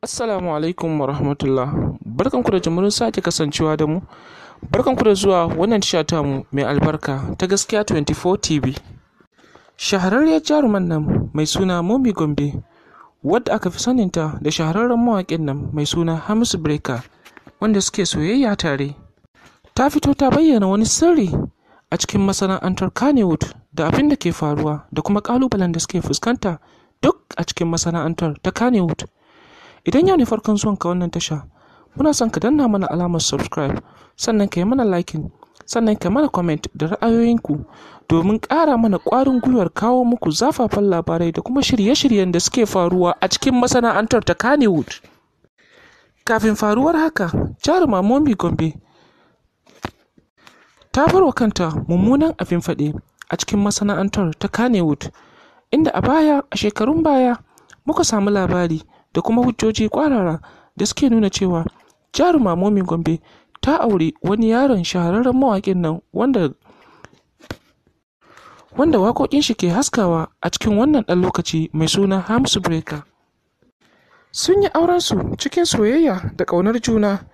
Assalamu alaikum wa rahmatullah. Barkanku da jimurin sake kasancewa da mu. Barkanku da zuwa wannan tasha ta mu mai albarka ta gaskiya 24 TV. Shahararriyar jaruman nan mai suna Momi Gombe, wadda aka fi saninta da shahararren mawaƙin nan mai suna Hamisu Breaker, wanda suke soyayya tare. Ta fito ta bayyana wani sirri a cikin masana'antar Kannywood da abin da ke faruwa da kuma ƙalubalen da suke fuskanta duk a cikin masana'antar ta Kannywood. Idan yau ne farkon zuwanka wannan tasha, muna son ka danna mana alamar subscribe, sannan ka yi mana liking, sannan ka mana comment da ra'ayoyinku domin ƙara mana ƙwarin gwiwar kawo muku zafafan labarai da kuma shirye-shiryen da suke faruwa a cikin masana'antar ta Kannywood. Kafin faruwar haka, jaruma Momi Gombe ta farwa kanta mummunan abin faɗe a cikin masana'antar ta Kannywood, inda a baya, a shekarun baya, muka samu labari da kuma hujjoji ƙwarara da suke nuna cewa jaruma momin Gombe ta auri wani yaron shahararren mawaƙin nan wanda wanda waƙoƙin shi ke haskawa a cikin wannan ɗan lokaci mai suna Hamsu Breaker. Sun yi aurensu cikin soyayya da ƙaunar juna,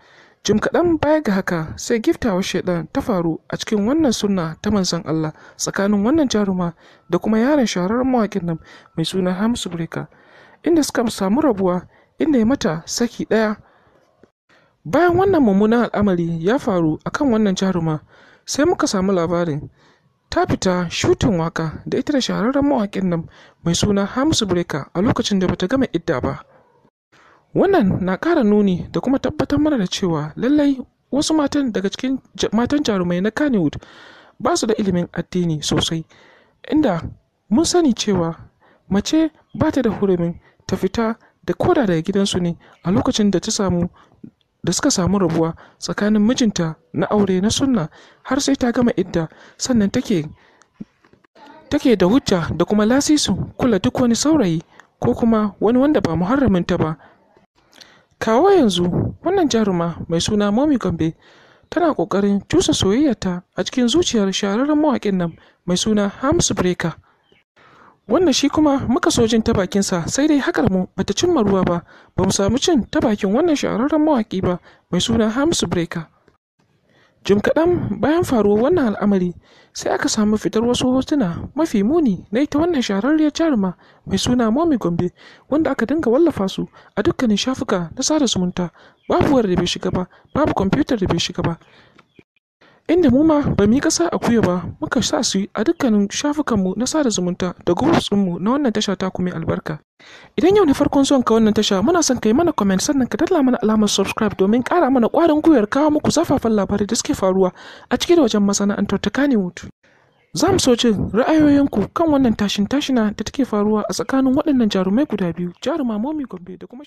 jim kaɗan baya ga haka sai giftawa shaiɗan ta faru a cikin wannan sunna ta manzon Allah tsakanin wannan jaruma da kuma yaron shahararren mawaƙin nan mai suna Hamsu Breaker. inda suka samu rabuwa inda ya mata saki ɗaya. Bayan wannan mummunan al'amari ya faru a kan wannan jaruma sai muka samu labarin ta fita shutin waka da ita da shahararren mawaƙin nan mai suna hamsu Breka a lokacin da bata gama idda ba. Wannan na ƙara nuni da kuma tabbatar mana da cewa lallai wasu matan daga cikin matan jarumai na Kannywood ba su da ilimin addini sosai, inda mun sani cewa mace ba ta da hurumin ta fita da koda daga gidansu ne a lokacin da ta samu da suka samu rabuwa tsakanin mijinta na aure na sunna har sai ta gama idda sannan take take da hujja da kuma lasisin kula duk wani saurayi ko kuma wani wanda ba muharramin ta ba kawo yanzu wannan jaruma mai suna momi gombe tana kokarin cusa soyayyarta a cikin zuciyar shahararren mawaƙin nan mai suna hams breaker wannan shi kuma muka so jin ta bakinsa sai dai hakar mu bata cimma ruwa ba ba mu samu cin ta bakin wannan shahararren mawaƙi ba mai suna hamsu breka jim kaɗan bayan faruwar wannan al'amari sai aka samu fitar wasu hotuna mafi muni na ita wannan shahararriyar jaruma mai suna momi gombe wanda aka dinga wallafa su a dukkanin shafuka na sada zumunta babu wayar da bai shiga ba babu kwamfutar da bai shiga ba inda mu ma ba mu yi kasa a ba muka sa su a dukkanin shafukanmu na sada zumunta da groups ɗinmu na wannan tasha ta kuma albarka. Idan yau ne farkon zuwan ka wannan tasha muna son ka yi mana comment sannan ka dalla mana alamar subscribe domin kara mana kwarin gwiwar kawo muku zafafan labarai da suke faruwa a cike da wajen masana'antar ta Kannywood. Za mu so jin ra'ayoyinku kan wannan tashin tashina da take faruwa a tsakanin waɗannan jarumai guda biyu, jaruma Momi Gombe da kuma